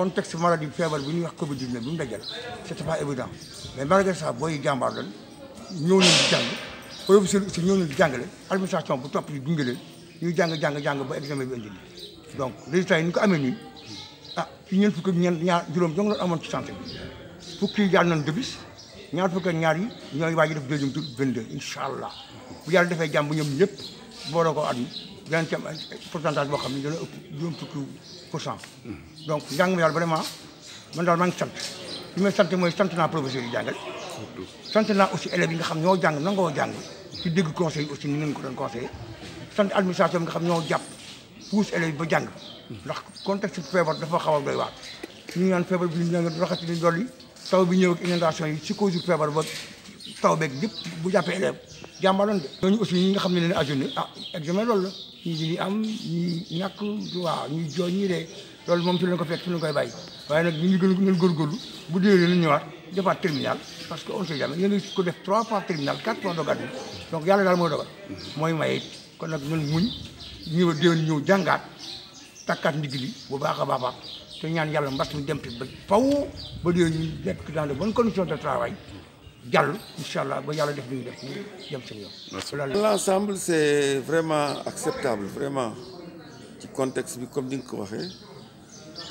contexte maladie feebar bi ñuy wax Covid 19 bi mu dajal c' était pas évident mais malgré ça booy jàmbaar lan ñëw nañu di jàng professeur aussi ñëw nañu di jàngale bu topp di dundale ñu jàng jàng jàng ba examen bi indi nii. donc résultats yi ni ko amee nii ah ci ñeent fukk ak juróom ñoo ngi doon amoon ci santé bi fukki yi jaar nañu débis ñaar fukk ak ñaar yi ñooy waaj a def deuxième tour 22 incha allah bu yàlla defee jàmm ñoom ñëpp boole ko at mi dinañ ci am ay pourcentage boo xam ne dina ëpp juróom fukki pour cent donc njàng mi daal vraiment man daal maa ngi sant li may sant mooy sant naa professeur yi jàngal sant naa aussi élèves yi nga xam ñoo jàng nangoo jàng ci dégg conseil aussi ni ngeen ko doon conseillé sant administration nga xam ñoo jàpp pousse élèves ba jàng ndax contexte feebar dafa xaw a doy waar ñu ngi naan feebar bi ñu raxati ni dolli taw bi ñëw ak inondation yi si cause feebar ba taw beeg yëpp bu jàppee élève jàmbaloon de ñooñu aussi ñi nga xam ne leen ajourné ah examen loolu la ñii am ñi ñàkk joo ñuy jooy ñii dee loolu moom ci lañ ko fekk ci lañ koy bàyyi waaye nag ñu ngi gën a góorgóorlu bu déwénee ñu ñëwaat defaat terminal parce que on sait jamais yéen a ko def trois fois terminal quatre fois dogat bi donc yàlla daal mooy dogal mooy maye kon nag ñun muñ ñëw déwén ñëw jàngaat takkaat ndigg li bu baax a baax baax te ñaan yàlla mbas mi dem ci ba faw ba déwén ñu nekk dans de bonnes conditions de travail jàll incha allah ba yàlla def li ñu def ñu jëm seen yoon. l'ensemble c'est vraiment acceptable vraiment ci contexte bi comme ni nga ko waxee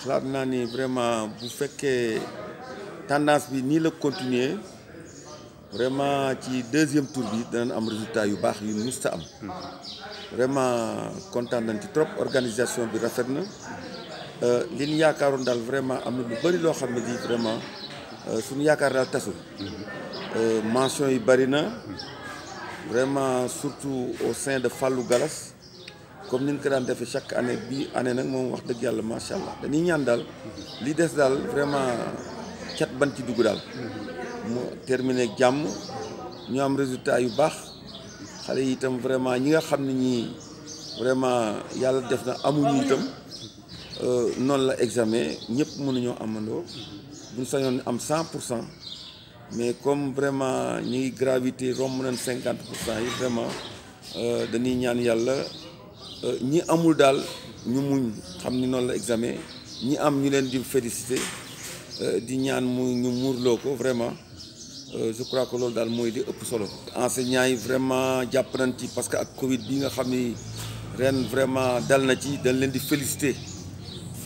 xalaat naa ni vraiment bu fekkee tendance bi nii la continuer vraiment ci deuxième tour bi danañ am résultat yu baax yu mus a am. vraiment kontaan nañ ci trop organisation bi rafet na euh, li ñu yaakaaroon daal vraiment am na lu bëri loo xam ne vraiment euh, suñu yaakaar daal tasul. Euh, mention yi bëri na vraiment surtout au sein de Fallou Galas comme ni ñu ko daan defee chaque année bii année nag moom wax dëgg yàlla macha allah dañuy ñaan daal li des daal vraiment cat ban ci dugg daal. mu terminé jàmm ñu am résultat yu baax xale yi itam vraiment ñi nga xam ne ñii vraiment yàlla def na amuñu itam euh, noonu la examen ñëpp mënuñoo amandoo buñ sañoon am cent pour cent. mais comme vraiment ñu ngi gravité romb nañ cinquante pour cent yi vraiment euh, dañuy ñaan yàlla euh, ñi amul daal ñu muñ xam ni noonu la examen ñi am ñu leen di félicité euh, di ñaan mu ñu loo ko vraiment je crois que loolu daal mooy di ëpp solo. enseignants yi vraiment jàpp nañ ci parce que ak Covid bi nga xam ni ren vraiment dal na ci dañ leen di félicité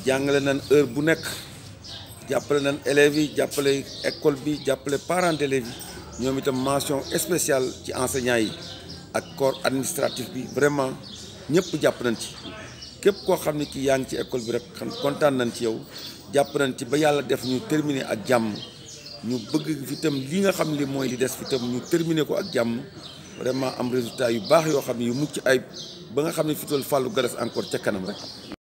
jàngale nañ heure bu nekk. jàppale nañ élèves yi jàppale école bi jàppale parents d'élèves yi ñoom itam mention spéciale ci enseignants yi ak corps administratif bi vraiment ñëpp jàpp nañ ci képp koo xam ne kii yaa ngi ci école bi rek xam kontaan nañ ci yow jàpp nañ ci ba yàlla def ñu terminer ak jàmm ñu bëgg fi tam li nga xam li mooy li des fi tam ñu terminer ko ak jàmm vraiment am résultat yu baax yoo xam ne yu mucc ayib ba nga xam ne fi toll fàllu galas encore ca kanam rek